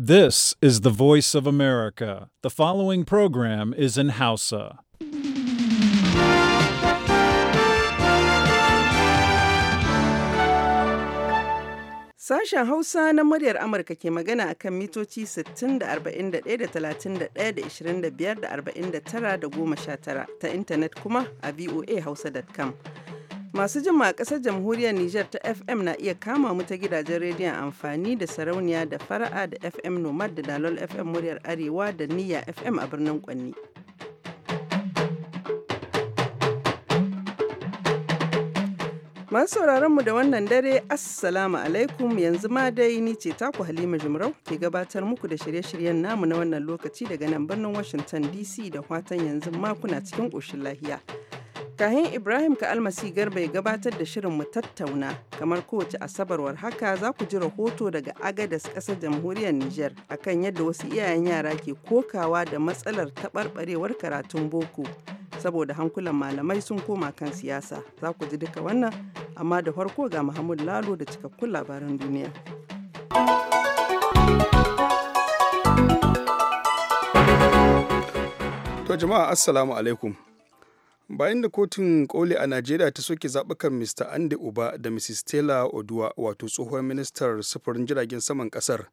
This is the voice of America. The following program is in Hausa. Sashen Hausa na muryar Amurka ke magana a kan mitoci 60 da 41 da 31 da 25 da 49 da 19 ta intanet kuma a voahausa.com. Masu jin a ƙasar jamhuriyar Nijar ta FM na iya kama mu ta gidajen rediyon amfani da sarauniya da fara'a da FM Nomad da Dalol FM muryar Arewa da Niyya FM a birnin Kwanni. Masu sauraron mu da wannan dare, Assalamu alaikum yanzu ma dai ni ce taku Halima Jumrau ke gabatar muku da shirye-shiryen namu na wannan lokaci daga nan birnin Washington DC da fatan yanzu ma kuna cikin ƙoshin lahiya. Kahin Ibrahim ka almasi garba ya gabatar da shirin mu tattauna kamar kowace asabarwar haka za ku ji rahoto daga Agadas ƙasar jamhuriyar Nijar akan yadda wasu iyayen yara ke kokawa da matsalar taɓarɓarewar karatun boko saboda hankulan malamai sun koma kan siyasa za ku ji duka wannan amma da farko ga muhammad Lalo da cikakkun labaran duniya. To jama'a assalamu alaikum. bayan da kotun koli a najeriya ta soke zaɓukan mr andy uba da mrs stella oduwa wato tsohon ministar sufurin jiragen saman ƙasar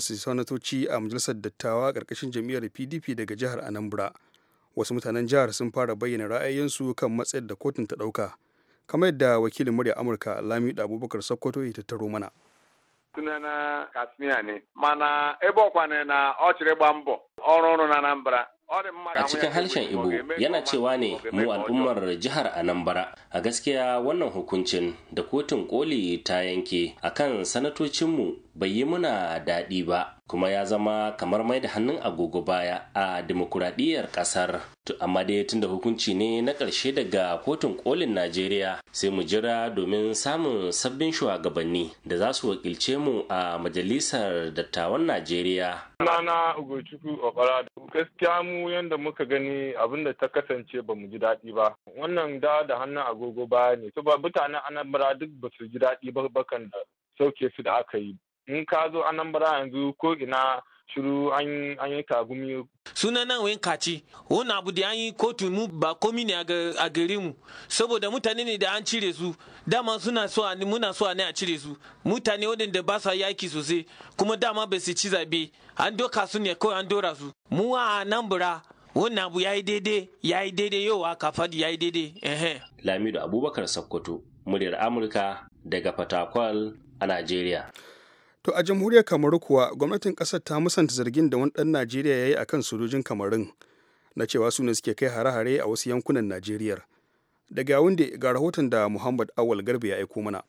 su sanatoci a majalisar dattawa karkashin jami'ar pdp daga jihar anambra wasu mutanen jihar sun fara bayyana ra'ayoyinsu kan matsayin da kotun ta ɗauka kamar yadda wakilin murya amurka lami da abubakar sokoto ya tattaro mana tunana kasmiya ne mana ebe ọkwa na ọ chịrị gba mbọ ọrụ ọrụ na anambra a cikin harshen ibo yana cewa ne mu al'ummar jihar anambra a gaskiya wannan hukuncin da kotun koli ta yanke akan sanatocinmu bai yi muna daɗi ba kuma ya zama kamar mai da hannun agogo baya a demokuraɗiyyar ƙasar to amma dai tunda hukunci ne na ƙarshe daga kotun kolin najeriya sai mu jira domin samun sabbin shugabanni da za su wakilce mu a majalisar dattawan najeriya Sunana Ugochukwu da gaskiya mu yadda muka gani abin da ta kasance ba mu ji daɗi ba. Wannan da da hannun agogo baya ne. Saboda mutanen Anambra duk ba su ji daɗi ba bakan da sauke su da aka yi in ka zo anambra yanzu ko ina shiru an yi tagumi. suna nan wayan kaci wani abu da an yi kotu mu ba komi ne a gare mu saboda mutane ne da an cire su dama suna so a muna so ne a cire su mutane waɗanda ba sa yaki sosai kuma dama ba su ci zabe an doka su ne kawai an dora su mu a nan bura wani abu ya yi daidai ya yi daidai yau kafadi fadi yi daidai lamidu lamido abubakar sakkwato muryar amurka daga fatakwal a najeriya To a jamhuriyar Kamaru kuwa gwamnatin ƙasar ta musanta zargin da wani ɗan Najeriya ya yi a kan sojojin Kamarun na cewa su ne suke kai hare-hare a wasu yankunan Najeriyar. Daga wunde ga rahoton da Muhammad Awal garbi ya aiko mana.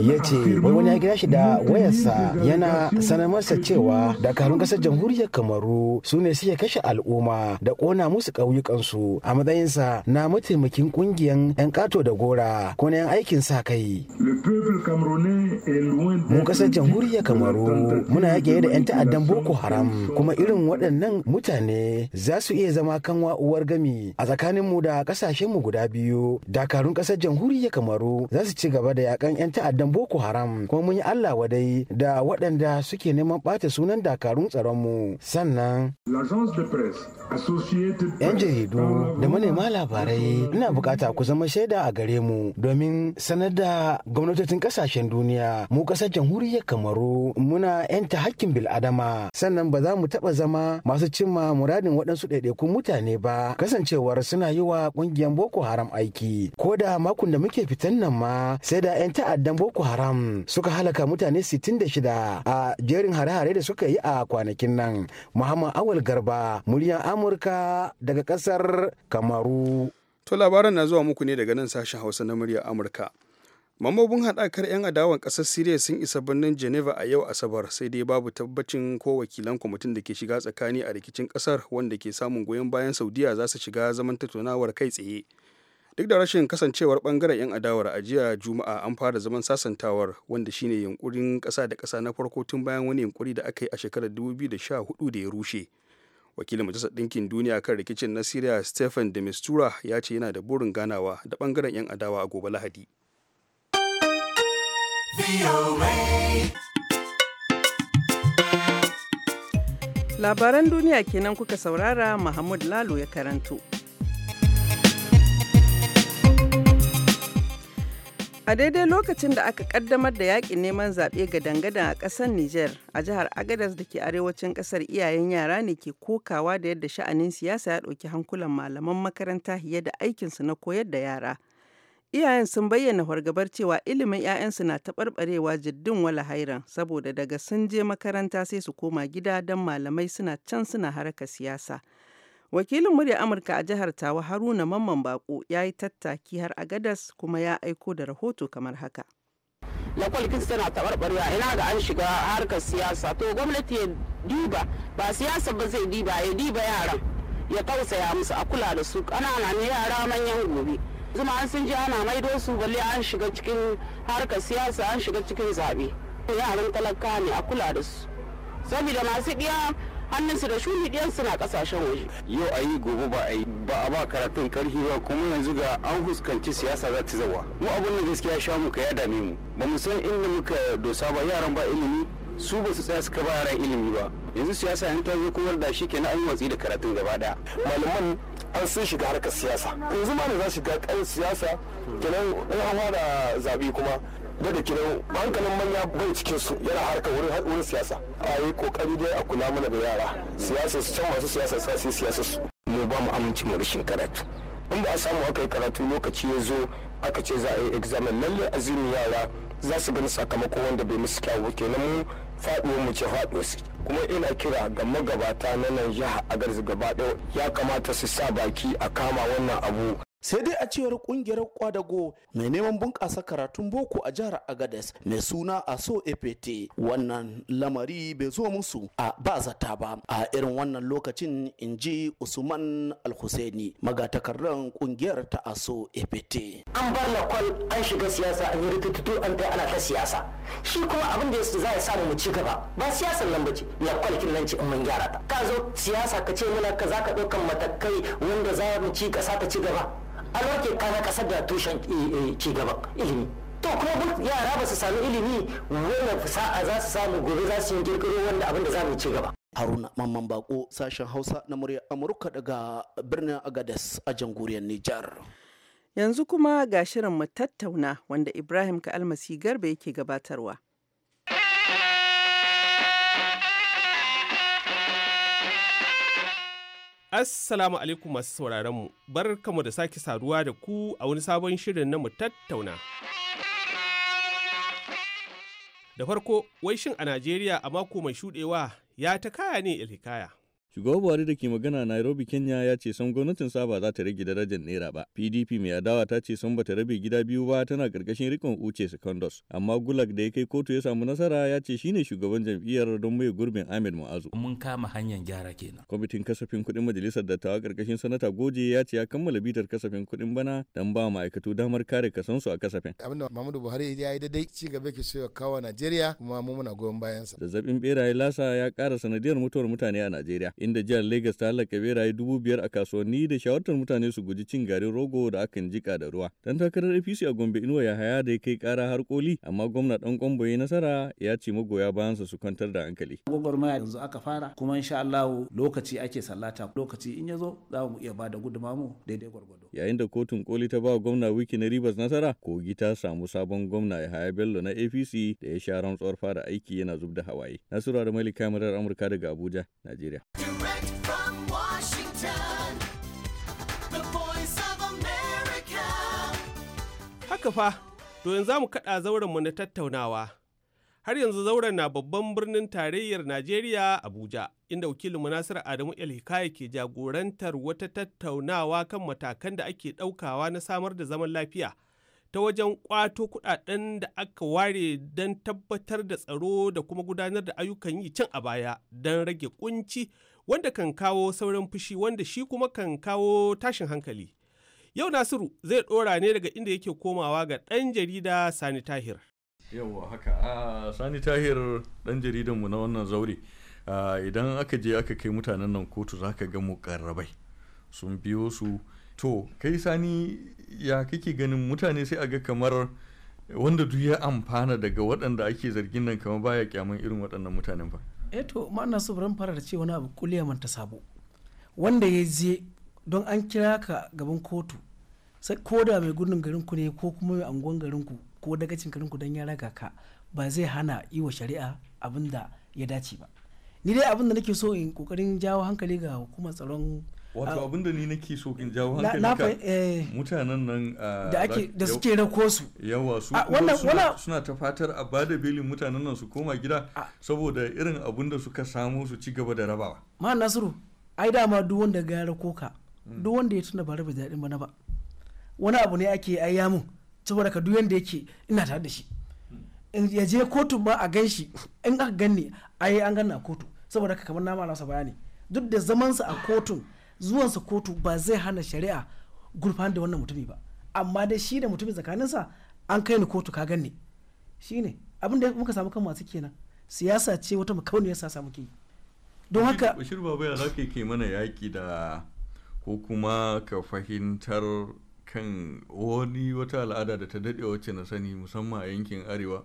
ya ce wai wani ya kira shi da wayarsa yana sanar masa cewa dakarun kasar jamhuriyar kamaru su ne suke kashe al'umma da kona musu ƙauyukansu a matsayinsa na mataimakin ƙungiyar 'yan kato da gora ko na 'yan aikin sa kai mu kasar jamhuriyar kamaru muna yaƙi da 'yan ta'addan boko haram kuma irin waɗannan mutane za su iya zama kanwa uwar gami a tsakaninmu da ƙasashenmu guda biyu dakarun kasar jamhuriyar kamaru za su ci gaba da yakan 'yan ta'addan boko haram kuma mun yi allah wadai da waɗanda suke neman ɓata sunan dakarun tsaronmu sannan yan jaridu da manema labarai ina bukata ku zama shaida a gare mu domin sanar da gwamnatocin kasashen duniya mu kasar jamhuriyar kamaru muna 'yan ta hakkin bil'adama sannan ba za mu taɓa zama masu cimma muradin waɗansu ɗaiɗaikun mutane ba kasancewar suna yi wa ƙungiyar boko haram aiki ko da makon da muke fitan nan ma sai da 'yan ta'addan Boko Haram suka halaka mutane 66 a jerin hare-hare da suka yi a kwanakin nan. Muhammad Awal Garba, muryar Amurka daga kasar Kamaru. To labaran na zuwa muku ne daga nan sashen Hausa na muryar Amurka. Mambobin haɗakar 'yan adawan ƙasar Siriya sun isa birnin Geneva a yau Asabar sai dai babu tabbacin ko wakilan kwamitin da ke shiga tsakani a rikicin ƙasar wanda ke samun goyon bayan Saudiya za su shiga zaman tattaunawar kai tsaye. duk da rashin kasancewar bangaren 'yan adawar a jiya juma'a an fara zaman sasantawar wanda shine yunkurin ƙasa da kasa na farko tun bayan wani yunkuri da aka yi a shekarar 2014 da ya rushe wakilin majalisar ɗinkin duniya kan rikicin na syria stephen de mistura ya ce yana da burin ganawa da bangaren 'yan adawa a gobe lahadi labaran duniya kenan kuka saurara mahmud lalo ya karanto A daidai lokacin da aka kaddamar da yakin neman zaɓe ga dangadan a ƙasar Nijar a jihar Agadas da ke arewacin ƙasar iyayen yara ne ke kokawa da yadda sha'anin siyasa ya ɗauki hankulan malaman makaranta fiye da aikinsu na koyar da yara. Iyayen sun bayyana fargabar cewa ilimin 'ya'yansu na taɓarɓarewa jiddin wala hairan saboda daga sun je makaranta sai su koma gida don malamai suna can suna haraka siyasa. Wakilin murya Amurka a jihar Tawa Haruna Mamman Bako ya yi tattaki har a Agadas kuma ya aiko da rahoto kamar haka. Lakwal tana taɓarɓarewa ina ga an shiga harkar siyasa to gwamnati ya diba ba siyasa ba zai diba ya diba yaran ya tausaya musu a kula da su ƙanana ne yara manyan gobe. zuma an sun ji ana maido su balle an shiga cikin harkar siyasa an shiga cikin zabe yaran talaka ne a kula da su saboda masu ɗiya hannunsu da shuni ɗiyansu na kasashen waje. Yau a yi gobe ba a yi ba a ba karatun karfi ba kuma yanzu ga an fuskanci siyasa za ta zawa. Mu abin da gaskiya sha muka ya dame mu. Ba mu san inda muka dosa ba yaran ba ilimi su ba su tsaya suka ba yaran ilimi ba. Yanzu siyasa yan ta zo kuma da shi kenan an watsi da karatun gaba daya Malaman an sun shiga harkar siyasa. Yanzu ma ne za shiga kan siyasa kenan in an fara zabi kuma da da kiran hankalin manya bai cikin su yana harka wurin haɗuwar siyasa a yi kokari dai a kula mana da yara siyasa su can masu siyasa sa su siyasa su mu ba mu amince mu rashin karatu in ba a samu aka yi karatu lokaci ya zo aka ce za a yi examen lalle azumi yara za su gani sakamako wanda bai musu kyawu kenan mu faɗuwa mu ce faɗuwa su kuma ina kira ga magabata na nan jiha a garzi gaba ya kamata su sa baki a kama wannan abu sai dai a cewar kungiyar kwadago mai neman bunƙasa karatun boko a jihar agades mai suna a so efete wannan lamari bai zo musu a ba zata ba a irin wannan lokacin in ji usman alhusaini magatakarran kungiyar ta a so efete an bar lakwal an shiga siyasa an yi rikitutu an kai ana ta siyasa shi kuma abin da za a samu mu ci gaba ba siyasar nan ba ce lakwal kin nan ce in mun gyara ta ka zo siyasa ka ce mana ka za ka ɗaukan matakai wanda za mu ci ƙasa ta ci gaba a ke kana kasar da tushen eh, eh, ci gaba ilimi to kuma yara ba su sami ilimi wanda sa'a za su samu gobe za su yi kirkiro wanda abin da za mu ci gaba haruna mamman bako sashen hausa na muryar amurka daga birnin agadas a jamhuriyar nijar yanzu kuma ga shirin mu tattauna wanda ibrahim ka almasi garba yake gabatarwa Assalamu alaikum masu sauraron mu, bar da sake saduwa da ku a wani sabon shirin na mu tattauna. Da farko, wai shin a Najeriya a mako mai shuɗewa ya ta kaya ne ilhikaya? Shugaba Buhari da ke magana Nairobi, Kenya ya ce san gwamnatin sa ba za ta rage darajar naira ba. PDP mai adawa ta ce san bata rabe gida biyu ba tana karkashin rikon Uche Secondos. Amma Gulag da ya kai kotu ya samu nasara ya ce shine shugaban jam'iyyar don mai gurbin Ahmed Mu'azu. Mun kama hanyar gyara kenan. Kwamitin kasafin kuɗin majalisar dattawa karkashin sanata Goje ya ce ya kammala bitar kasafin kuɗin bana don ba ma'aikatu damar kare kasansu a kasafin. Abinda Muhammadu Buhari ya yi daidai ci gaba ke so ya kawo Najeriya kuma mu muna goyon bayansa. Zazzabin beraye lasa ya kara sanadiyar mutuwar mutane a Najeriya. inda jihar Legas ta halaka beraye dubu biyar a kasuwanni da shawartar mutane su guji cin garin rogo da akan jika da ruwa. Dan takarar APC a Gombe Inuwa ya haya da ya kai kara har koli amma gwamna dan Kwambo ya nasara ya ce magoya bayansa su kwantar da hankali. Gwagwarmaya yanzu aka fara kuma insha Allah lokaci ake sallata lokaci in ya zo za mu iya bada gudunmawa mu daidai gwargwado. Yayin da kotun koli ta ba gwamna wiki na Rivers nasara kogi ta samu sabon gwamna ya haya Bello na APC da ya sha rantsuwar fara aiki yana zub da hawaye. Nasiru da Malik Kamarar Amurka daga Abuja, Najeriya. Direct from Washington, the voice of Haka fa, to yanzu mu kaɗa zaurenmu na tattaunawa. Har yanzu zauren na babban birnin tarayyar Najeriya Abuja, inda wakilin Nasir Adamu Hikaya ke jagorantar wata tattaunawa kan matakan da ake ɗaukawa na samar da zaman lafiya. ta wajen kwato kuɗaɗen da aka ware don tabbatar da tsaro da kuma gudanar da ayyukan yi can a baya don rage kunci wanda kan kawo sauran fushi wanda shi kuma kan kawo tashin hankali. Yau Nasiru zai ɗora ne daga inda yake komawa ga ɗan jarida Sani Tahir. yau haka a ah, Sani Tahir ɗan jaridanmu na wannan zaure ah, idan aka je aka kai mutanen nan kotu za ka ga karrabai sun biyo su to kai Sani ya kake ganin mutane sai a ga kamar wanda duk ya amfana daga waɗanda ake zargin nan kamar baya kyaman irin waɗannan mutanen ba. eto eh to ma'ana so bari fara da ce wani abu kuliya manta sabo wanda ya je don an kira ka gaban kotu sai ko da mai gudun garin ku ne ko kuma mai angon garin ku ko dagacin garin ku don ya raga ka ba zai hana yi wa shari'a abinda ya dace ba ni dai abinda nake so in kokarin jawo hankali ga hukumar tsaron wato ah. abin da ni nake so in jawo hankalinka eh. mutanen nan ah, da ake da suke rako su yawa su ah, suna ta fatar a bada belin mutanen nan su koma gida saboda irin abin da suka samu su ci gaba da rabawa ma nasiru ai dama duk wanda ga rako ka hmm. duk wanda ya tuna ba raba daɗin na ba wani abu ne ake ai mun saboda ka duk yanda yake ina tare da shi hmm. in ya je kotu ma a gan shi in aka ganni ai an ganna kotu saboda ka kamar na ma nasa bayani duk da zamansa a kotun zuwansa kotu ba zai hana shari'a gurfan da wannan mutumi ba amma dai shi da mutumin tsakaninsa an kai ni kotu ka ganni shine abin da muka samu kan masu kenan siyasa ce wata makauniyar samu ke yi don haka bashir baba ya zaka ke mana yaki da ko kuma ka fahimtar kan wani wata al'ada da ta dade wacce na sani musamman a yankin arewa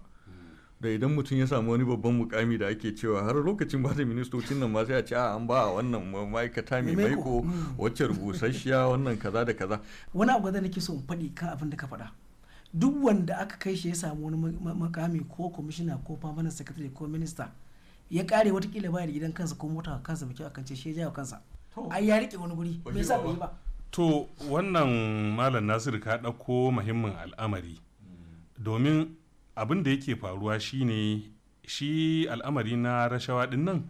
da idan mutum ya samu wani babban mukami da ake cewa har lokacin ba da ministocin nan ma sai a ce an ba wannan ma'aikata mai maiko hmm. wacce rubusasshiya wannan kaza da kaza wani abu da nake so in faɗi kan abin da ka faɗa duk wanda aka kai shi ya samu wani mukami ko kwamishina ko permanent secretary ko minista ya kare watakila baya da gidan kansa ko mota kansa mai kyau akan ce shi ya jawo kansa ai ya rike wani guri me sa bai ba to wannan malam nasiru ka ɗauko muhimmin al'amari hmm. domin abin da yake faruwa shine shi al'amari na rashawa din nan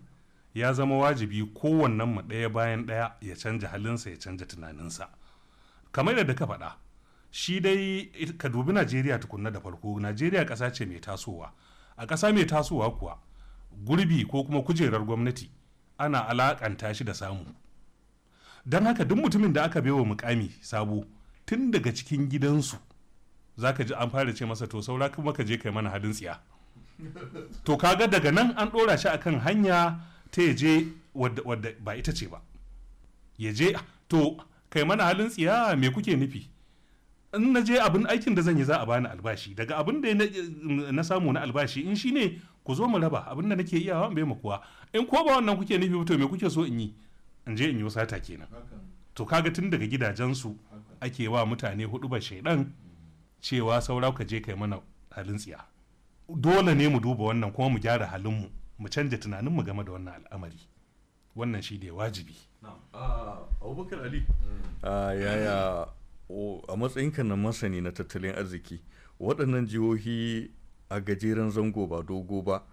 ya zama wajibi kowannan mu ɗaya bayan ɗaya ya canja halinsa ya canja tunaninsa kamar yadda ka faɗa shi dai ka dubi najeriya tukunna da farko najeriya ƙasa ce mai tasowa a ƙasa mai tasowa kuwa gurbi ko kuma kujerar gwamnati ana alaƙanta shi da samu don haka duk mutumin da aka baiwa mukami sabo tun daga cikin gidansu za ka ji an fara ce masa to saura kuma ka je kai mana hadin tsiya to kaga daga nan an ɗora shi akan hanya ta ya je wadda ba ita ce ba ya je to kai mana halin tsiya me kuke nufi in na je abin aikin da zan yi za a bani albashi daga abin da na samu na albashi in shine ku zo mu raba abin da nake iyawa bai mu kuwa in ko ba wannan kuke nufi to me kuke so in yi in je in yi wasa ta kenan to kaga tun daga gidajensu ake wa mutane hudu ba shaidan cewa saura ka je kai mana halin tsiya dole ne mu duba wannan kuma mu gyara halinmu mu canja tunaninmu game da wannan al'amari wannan shi ne wajibi ah, abubakar ali ah, yaya a matsayinka na masani na tattalin arziki waɗannan jihohi a gajeren zango ba dogo ba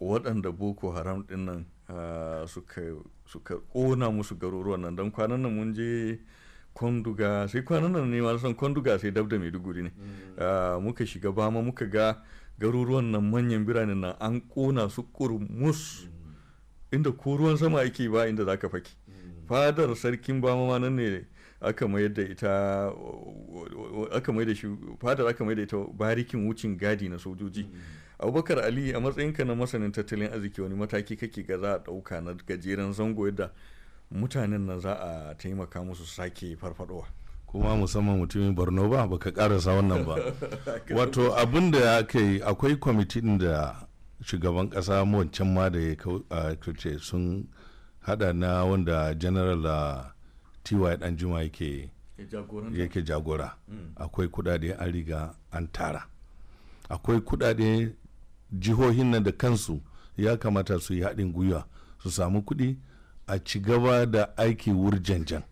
waɗanda boko haram ɗin ah, suka kona musu garuruwan nan don kwanan nan mun je kwanduga sai kwanan nan ne ma san kwanduga sai dabda da maiduguri ne mm. ah, muka shiga bama muka ga garuruwan nan manyan birane nan an kona su kurmus mm. inda ko ruwan sama yake ba inda zaka fake mm. fadar sarkin bama ma nan ne aka mayar da ita aka mayar da shi fadar aka mayar da ita barikin wucin gadi na sojoji abubakar ali a matsayinka na masanin tattalin arziki wani mataki kake ga za a ɗauka na gajeren zango yadda mutanen nan za a taimaka musu sake farfadowa kuma musamman mutumin borno ba baka karasa wannan ba wato abin da ya kai akwai kwamitin da shugaban kasa wancan ma da ya kauce sun hada na wanda general ty danjuma yake yake jagora hmm. akwai kudade an riga an tara akwai kudade jihohin nan da kansu ya kamata su yi haɗin gwiwa su samu kuɗi a ci gaba da aiki wurjanjan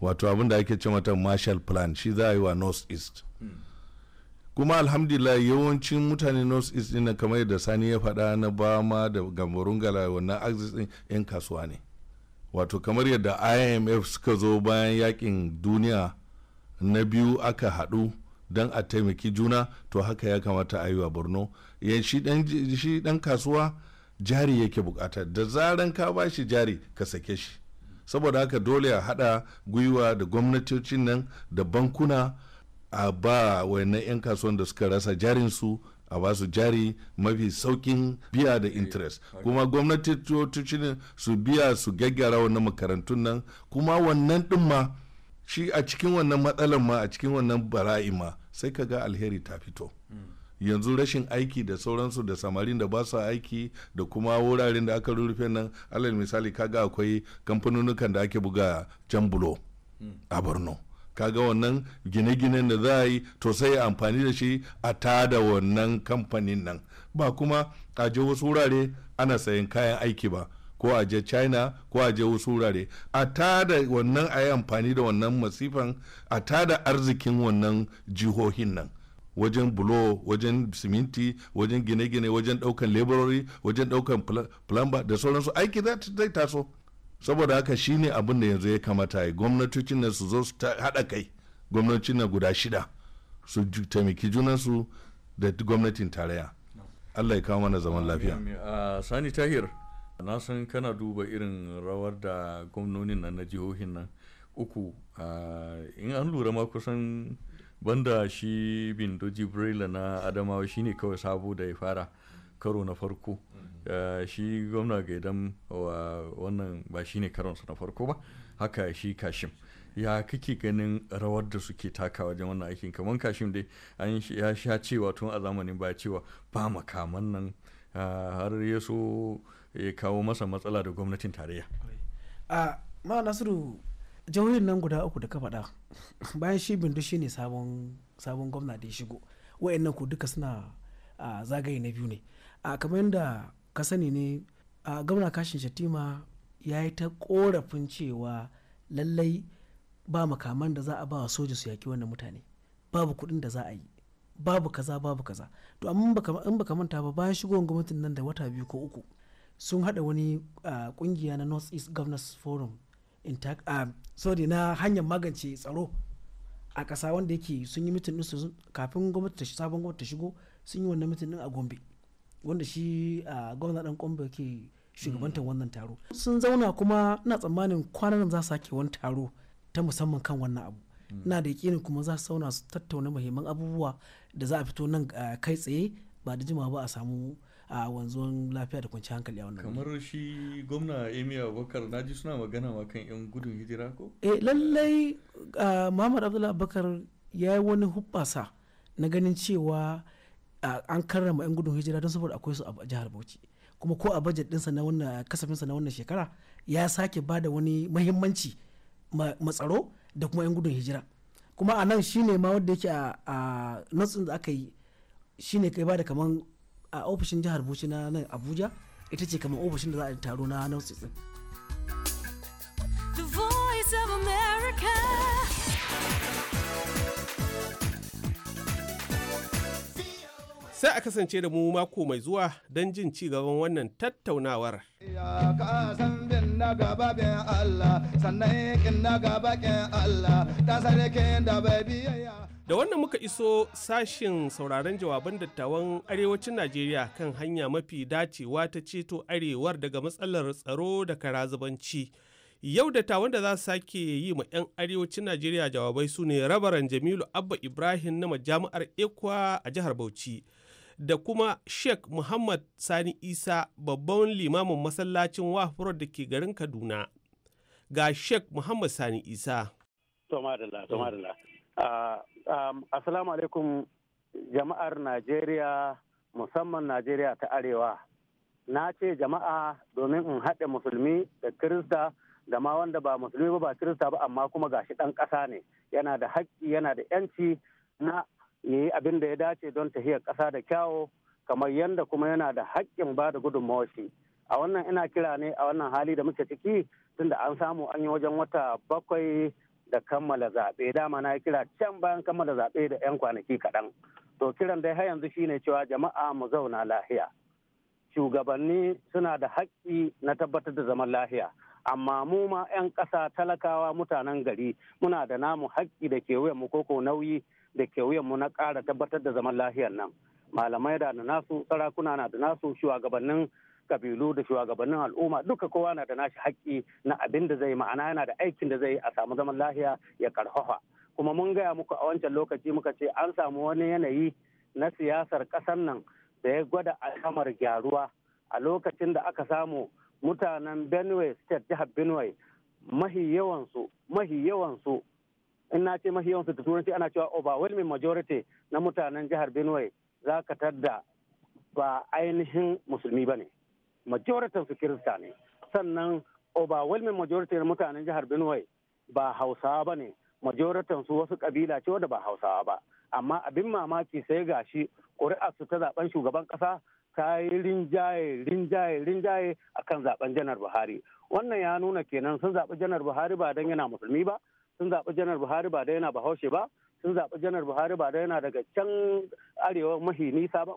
wato abin da ake ce mata marshall plan shi za a yi wa north east kuma alhamdulillah yawancin mutane north east din kamar yadda sani ya faɗa na bama da gambarun gala wannan axis ɗin yan kasuwa ne wato kamar yadda imf suka zo bayan yakin duniya na biyu aka haɗu don a taimaki juna to haka ya kamata a yi wa borno shi ɗan kasuwa jari yake bukata da zaran ka ba shi jari ka sake shi saboda haka dole a hada gwiwa da gwamnatocin nan da bankuna a ba na 'yan kasuwan da suka rasa jarin su a ba su jari mafi saukin biya da interest eh, kuma gwamnatocin su biya su gaggara wannan makarantun nan kuma wannan din ma shi a cikin wannan matsalan ma a cikin wannan bara'i ma sai ka ga alheri ta fito. Hmm. yanzu rashin aiki da sauransu da samarin da ba su aiki da kuma wuraren da aka rurufe nan alal misali kaga akwai kamfanonukan da ake buga jan bulo a borno kaga wannan gine-ginen da za a yi to sai amfani da shi a tada wannan kamfanin nan ba kuma a je wasu wurare ana sayan kayan aiki ba ko a je china ko a je wasu wurare a tada wannan a yi amfani da wannan masifan a tada arzikin wannan jihohin nan wajen bulo wajen siminti wajen gine-gine wajen daukan leburori wajen daukan plumba da sauransu aiki zai taso saboda haka shine abin da yanzu ya kamata ya gwamnatocin na su zo su haɗa kai gwamnatocin na guda shida su taimaki junansu da gwamnatin tarayya allah ya kawo mana zaman lafiya ah, sani tahir na san kana duba irin rawar da gwamnonin nan na jihohin nan uku ah, in an lura ma kusan banda shi bindo jibrila na adamawa shine kawai sabo da ya fara karo na farko mm-hmm. eh, shi gwamna gaidan wa wannan ba shine karonsa na farko ba haka shi kashim ya kake ganin rawar da suke taka wajen wannan aikin kamar kashim dai an ya sha cewa tun a zamanin ba cewa ba makaman nan eh, har ya so ya kawo masa matsala da gwamnatin tarayya a ma nasiru jihohin nan guda uku da ka faɗa bayan shi bindu shi sabon sabon gwamna da ya shigo nan ku duka suna a zagaye na biyu ne a kamar yadda ka sani ne a gwamna kashin shatima ya yi ta korafin cewa lallai ba makaman da za a ba wa soja su yaki wannan mutane babu kuɗin da za a yi babu kaza babu kaza to amma in baka manta ba bayan shigowar gwamnatin nan da wata biyu ko uku sun haɗa wani ƙungiya na north east governors forum Ah, sorry na hanyar magance tsaro a ƙasa wanda yake sun yi mitin su kafin gwamnati sabon gwamnati ta shigo sun yi wannan mitin a gombe wanda shi a ah, gwamna dan gombe ke shugabantar mm. wannan taro sun zauna kuma ina tsammanin kwanan za su sake wani taro ta musamman kan wannan abu mm. ina da yakinin kuma za su zauna su tattauna muhimman abubuwa da za a fito nan ah, kai tsaye ba da jimawa ba a samu a wanzuwan lafiya da kwanci hankali a wannan kamar shi gwamna emi abubakar na ji suna magana ma kan yan gudun hijira ko eh lallai muhammad abdullahi abubakar ya yi wani hubbasa na ganin cewa an karrama yan gudun hijira don saboda akwai su a jihar bauchi kuma ko a bajet dinsa na wannan kasafinsa na wannan shekara ya sake ba da wani mahimmanci matsaro da kuma yan gudun hijira kuma a nan shine ma wanda yake a nutsin da aka yi shine kai ba da kaman a ofishin jihar Bauchi na nan Abuja ita ce kamar ofishin da za a taro na Nausis Sai a kasance da mu mako mai zuwa don jin ci gaban wannan tattaunawar. Da wannan muka iso sashin sauraron jawaban dattawan arewacin Najeriya kan hanya mafi dacewa ta ceto arewar daga matsalar tsaro da karazubanci. Yau dattawan da za su sake yi ma 'yan arewacin Najeriya jawabai su ne rabaran Jamilu Abba Ibrahim na majami'ar Ekwa a jihar Bauchi. Da kuma Sheikh Muhammad Sani Isa babban limamin masallacin wafurar da ke garin Kaduna. Ga Sheikh Muhammad Sani Isa. Um, assalamu alaikum jama'ar Najeriya musamman Najeriya ta Arewa. Na ce jama'a domin in haɗe musulmi da Kirista da ma wanda ba musulmi ba ba Kirista ba amma kuma ga shi ɗan ƙasa ne yana da haƙƙi yana da 'yanci na yi abin da ya dace don tahiyar ƙasa da kyawo kamar yadda kuma yana da haƙƙin ba da gudunmawar shi. a wannan ina kira ne a wannan hali da muke ciki tunda an samu an yi wajen wata bakwai da kammala zaɓe dama na kira can bayan kammala zaɓe da 'yan kwanaki kaɗan to kiran dai har yanzu shine cewa jama'a mu zauna lahiya shugabanni suna da haƙƙi na tabbatar da zaman lahiya amma mu ma 'yan ƙasa talakawa mutanen gari muna da namu haƙƙi da ke mu ko nauyi da ke mu na ƙara tabbatar da zaman lahiyar nan malamai da nasu sarakuna na da nasu shugabannin kabilu da shugabannin al'umma duka kowa na da nashi haƙƙi na abin da zai ma'ana yana da aikin da zai a samu zaman lahiya ya karfafa kuma mun gaya muku a wancan lokaci muka ce an samu wani yanayi na siyasar ƙasar nan da ya gwada alhamar gyaruwa a lokacin da aka samu mutanen benue state jihar benue mahi yawansu mahi yawansu in na ce mahi yawansu da turanci ana cewa overwhelming majority na mutanen jihar benue za ka tadda ba ainihin musulmi ba ne majoritin su kirista ne sannan overwhelming majority na mutanen jihar benue ba hausawa ba ne majoritin su wasu kabila ce wanda ba hausawa ba amma abin mamaki sai gashi ƙuri'ar su ta zaben shugaban ƙasa ta yi rinjaye rinjaye rinjaye akan zaben janar buhari wannan ya nuna kenan sun zaɓi janar buhari ba don yana musulmi ba sun zaɓi janar buhari ba don yana bahaushe ba sun zaɓi janar buhari ba don yana daga can arewa mahi nisa ba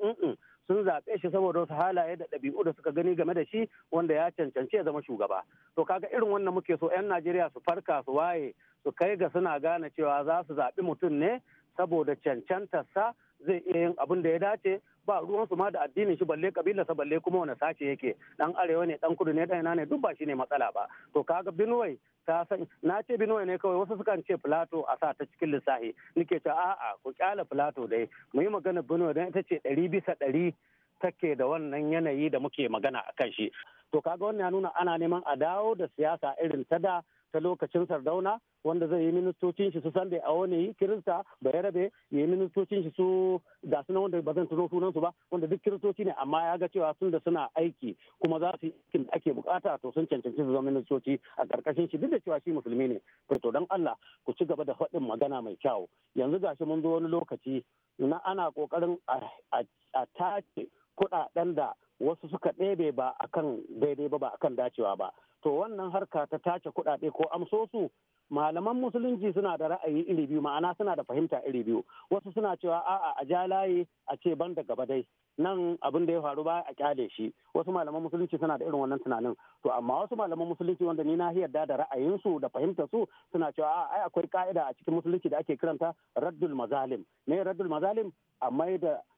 sun zaɓe shi saboda wasu halaye da ɗabi'u da suka gani game da shi wanda ya cancanci ya zama shugaba to kaga irin wannan muke so 'yan najeriya su farka su waye su kai ga suna gane cewa za su zaɓi mutum ne saboda cancantarsa zai iya yin abin da ya dace ba ruwan su ma da addinin shi balle sa balle kuma wani sace yake dan arewa ne dan kudu ne dan ina ne duk ba shi ne matsala ba to kaga binuwai. ka san na ce binuwa ne kawai wasu sukan ce plato a sa ta cikin lissafi nike ce a'a ku kyala plato dai mu yi magana binuwa dan ita ce ɗari bisa ɗari take da wannan yanayi da muke magana a kan shi to kaga wannan ya nuna ana neman a dawo da siyasa irin ta da ta lokacin sardauna wanda zai yi ministocin shi su da a wani kirista Ba ya yi ministocin shi su ga suna wanda ba zan tuno sunansu ba wanda duk kiristoci ne amma ya ga cewa sun da suna aiki kuma za su yi ake bukata to sun cancanci su zama ministoci a karkashin shi duk da cewa shi musulmi ne to dan Allah ku ci gaba da faɗin magana mai kyau yanzu gashi mun zo wani lokaci na ana kokarin a tace kuɗaɗen da wasu suka ɗebe ba a kan daidai ba ba kan dacewa ba to wannan harka ta tace kuɗaɗe ko amsosu malaman musulunci suna da ra'ayi iri biyu ma'ana suna da fahimta iri biyu wasu suna cewa a'a a ja layi a ce ban da gaba dai nan abin da ya faru ba a kyale shi wasu malaman musulunci suna da irin wannan tunanin to amma wasu malaman musulunci wanda ni na yarda da ra'ayinsu da fahimta su suna cewa a ai akwai ka'ida a cikin musulunci da ake kiranta raddul mazalim me raddul mazalim a mai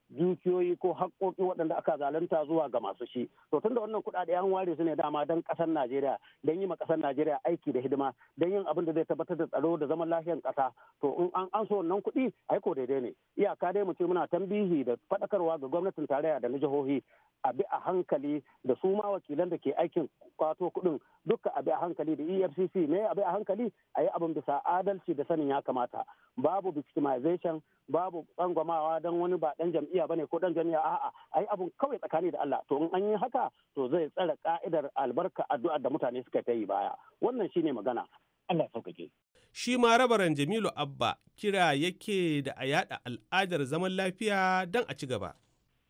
dukiyoyi ko haƙƙoƙi waɗanda aka zalunta zuwa ga masu shi to tunda wannan kuɗaɗe an ware su ne dama don ƙasar Najeriya don yi ma ƙasar Najeriya aiki da hidima don yin abin da zai tabbatar da tsaro da zaman lafiyar ƙasa to in an an so wannan kuɗi ai ko daidai ne iyaka dai mu ce muna tambihi da faɗakarwa ga gwamnatin tarayya da na jihohi abi a hankali da su ma wakilan da ke aikin kwato kuɗin duka abi a hankali da efcc ne abi a hankali a yi abin bisa adalci da sanin ya kamata babu victimization babu tsangwamawa don wani ba dan jam'iyya bane ko dan jam'iyya a'a a yi abin kawai tsakani da Allah to in an yi haka to zai tsare ka'idar albarka addu'ar da mutane suka ta yi baya wannan shine magana Allah sauƙaƙe. Shi ma rabaran Jamilu Abba kira yake da a yada al'adar zaman lafiya don a ci gaba.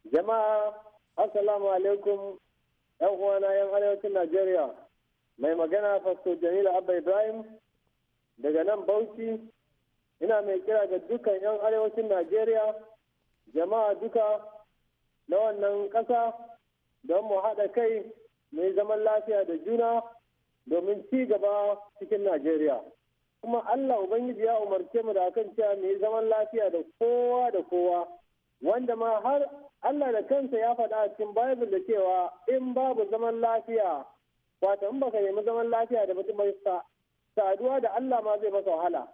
Jama'a Assalamu alaikum ‘yan uwana ‘yan arewacin Najeriya mai magana Fasto Jamilu Abba Ibrahim daga nan Bauchi ina mai kira ga dukkan ‘yan arewacin Najeriya jama'a duka na wannan ƙasa don mu haɗa kai mai zaman lafiya da juna domin ci gaba cikin Najeriya. Kuma Allah Ubangiji ya umarce mu da akan cewa mai zaman lafiya da kowa da kowa wanda ma har Allah da kansa ya faɗa a cikin Bible da cewa in babu zaman lafiya wato in baka nemi zaman lafiya da mutum mai saduwa da Allah ma zai maka wahala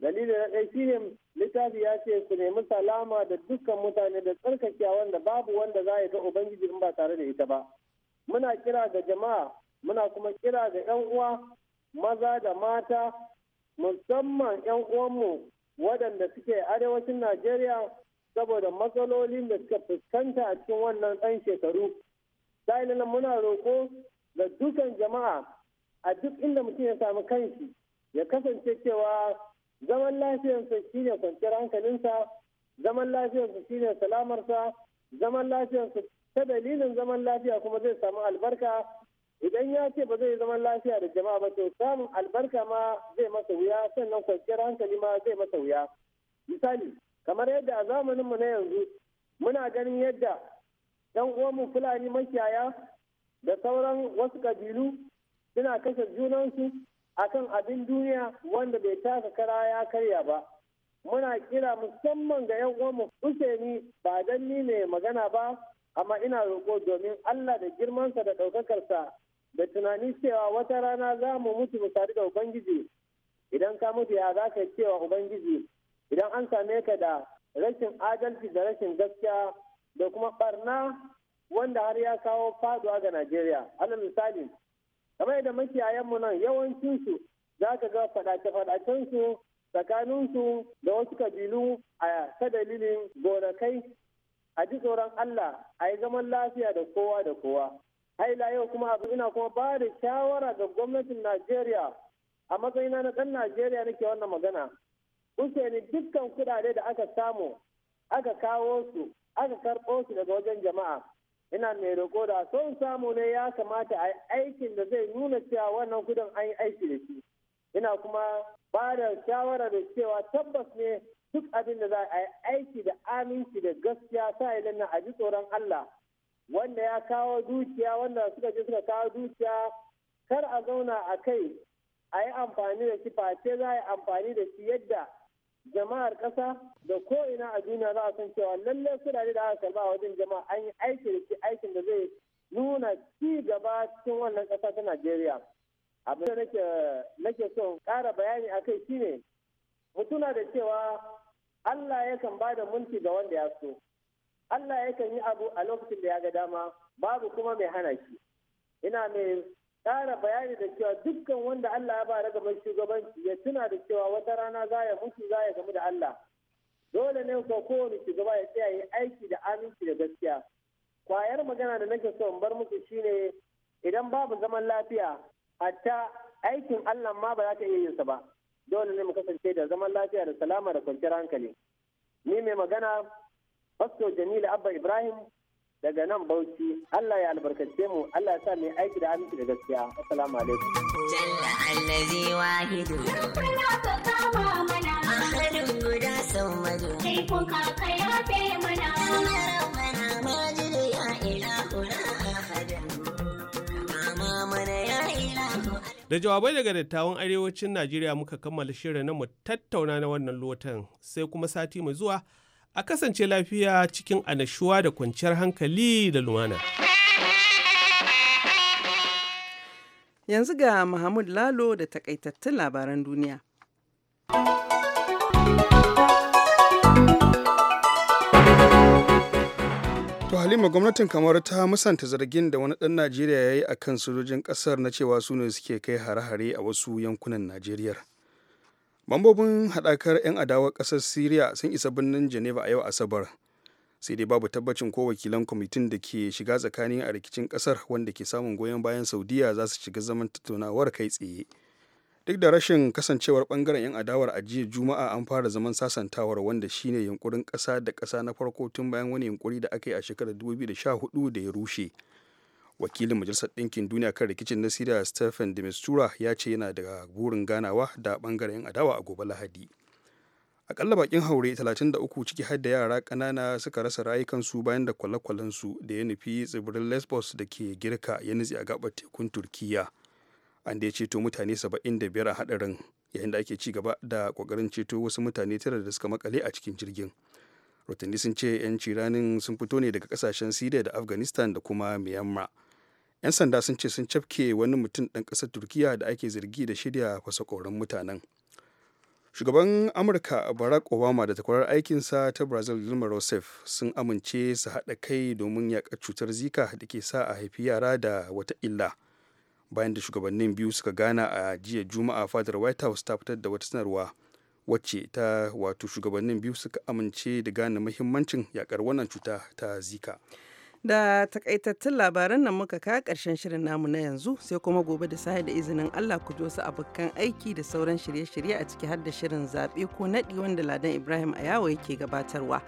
dalili na ɗaya shine littafi ya ce su nemi salama da dukkan mutane da tsarkakiya wanda babu wanda za ya ga ubangiji in ba tare da ita ba muna kira ga jama'a muna kuma kira ga yan uwa maza da mata musamman yan uwanmu waɗanda suke arewacin Najeriya saboda matsalolin da suka fuskanta a cikin wannan ɗan shekaru nan muna roƙo ga dukan jama'a a duk inda mutum ya sami kanshi ya kasance cewa zaman lafiyarsa shine kwanciyar hankalinsa zaman lafiyarsa shine salamarsa zaman lafiyarsa ta dalilin zaman lafiya kuma zai samu albarka idan ya ce ba zai yi zaman lafiya da jama'a ba to samun albarka ma zai masa wuya sannan kwanciyar hankali ma zai masa wuya misali kamar yadda a zamaninmu na yanzu muna ganin yadda yan uwanmu fulani makiyaya da sauran wasu kabilu suna kashe junansu a kan abin duniya wanda bai taka kara ya karya ba muna kira musamman ga yan uwanmu Usaini ba dan ni ne magana ba amma ina roƙo domin Allah da girmansa da ɗaukakarsa da tunani cewa wata rana za mu mutu mu sadu da Ubangiji idan ka mutu ya za ka cewa Ubangiji idan an same ka da rashin adalci da rashin gaskiya da kuma barna wanda har ya kawo faduwa ga najeriya Allah misali kamar yadda makiyayenmu nan yawancinsu za ka ga faɗace-faɗacensu tsakaninsu da wasu kabilu a ta dalilin gonakai a ji tsoron Allah a yi zaman lafiya da kowa da kowa. Haila yau kuma abu ina kuma ba da shawara ga gwamnatin Najeriya a matsayina na ɗan Najeriya nake wannan magana Useni dukkan kudade da aka samu aka kawo su aka karɓo su daga wajen jama'a ina mai roƙo da son samu ne ya kamata a aikin da zai nuna cewa wannan kudin an yi aiki da shi ina kuma ba da shawara da cewa tabbas ne duk abin da za a yi aiki da aminci da gaskiya sa idan na ji tsoron Allah wanda ya kawo dukiya wanda suka je suka kawo dukiya kar a zauna a kai a yi amfani da shi face za a yi amfani da shi yadda jama'ar ƙasa da ko'ina a duniya za a san cewa lallai kudade da aka karba a wajen jama'a an yi aiki da aikin da zai nuna ci gaba cikin wannan ƙasa ta Najeriya. Abin da nake nake so ƙara bayani a kai shine mutuna da cewa Allah yakan ba da mulki ga wanda ya so. Allah yakan yi abu a lokacin da ya ga dama babu kuma mai hana shi. Ina mai ƙara bayani da cewa dukkan wanda Allah ya ba da gaban shugabanci ya tuna da cewa wata rana za ya mutu za ya gamu da Allah dole ne ko kowane shugaba ya tsaya yi aiki da aminci da gaskiya kwayar magana da nake so in bar muku shine idan babu zaman lafiya hatta aikin Allah ma ba za ta iya yin sa ba dole ne mu kasance da zaman lafiya da salama da kwanciyar hankali ni mai magana Pastor Jamilu Abba Ibrahim daga nan Bauchi. Allah ya albarkace mu, Allah ya sa mu aiki da aminci da gaskiya. Assalamu alaikum. Jalla allazi wahidu. Da jawabai daga dattawan arewacin Najeriya muka kammala shirin na mu tattauna na wannan lotan sai kuma sati mai zuwa a kasance lafiya cikin anashuwa da kwanciyar hankali da lumana. Yanzu ga Mahmud Lalo da takaitattun labaran duniya. To Halima gwamnatin kamar ta musanta zargin da wani ɗan Najeriya ya yi a kan sojojin ƙasar na cewa su ne suke kai hare-hare a wasu yankunan Najeriya. mambobin haɗakar 'yan adawar ƙasar syria sun isa birnin geneva a yau asabar sai dai babu tabbacin ko wakilan kwamitin da ke shiga tsakanin a rikicin ƙasar wanda ke samun goyon bayan saudiya za su shiga zaman tattaunawar kai tsaye duk da rashin kasancewar bangaren 'yan adawar a jiya juma'a an fara zaman sasantawar wanda shine yunkurin ƙasa da ƙasa na farko tun bayan wani yunkuri da aka yi a shekarar 2014 da ya rushe wakilin majalisar ɗinkin duniya kan rikicin na siriya stephen de mistura ya ce yana da burin ganawa da ɓangaren adawa a gobe lahadi akalla bakin haure 33 ciki har da yara kanana suka rasa rayukansu bayan da kwale-kwalensu da ya nufi tsibirin lesbos da ke girka ya nutse a gabar tekun turkiya an da ya ceto mutane 75 a hadarin yayin da ake ci gaba da kokarin ceto wasu mutane tara da suka makale a cikin jirgin rotunni sun ce 'yan ciranin sun fito ne daga kasashen siriya da afghanistan da kuma myanmar 'yan sanda sun ce sun cafke wani mutum ɗan ƙasar turkiya da ake zargi da shirya faso-ƙoran mutanen shugaban amurka barack obama da takwarar aikinsa ta brazil dilma rousseff sun amince su haɗa kai domin yaƙa cutar zika da ke sa a haifi yara da wata illa bayan da shugabannin biyu suka gana a jiya juma'a fadar white house ta fitar da wata sanarwa wacce ta wato shugabannin biyu suka amince da gane mahimmancin yakar wannan cuta ta zika Da takaitattun labaran nan muka ka karshen shirin namu na yanzu sai kuma gobe da sahi da izinin Allah ku ji wasu abokan aiki da sauran shirye-shirye a ciki har da shirin zaɓe ko naɗi wanda Ladan Ibrahim yawo yake gabatarwa.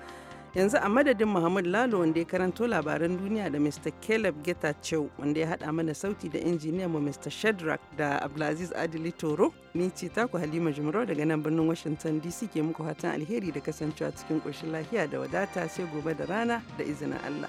Yanzu a madadin Muhammad Lalo wanda ya karanto labaran duniya da Mr. Caleb Geta Chew wanda ya haɗa mana sauti da injiniyan mu Mr. Shadrack da Abdulaziz Adili Toro ni ce taku Halima Jumro daga nan birnin Washington DC ke muku fatan alheri da kasancewa cikin ƙoshin lafiya da wadata sai gobe da rana da izinin Allah.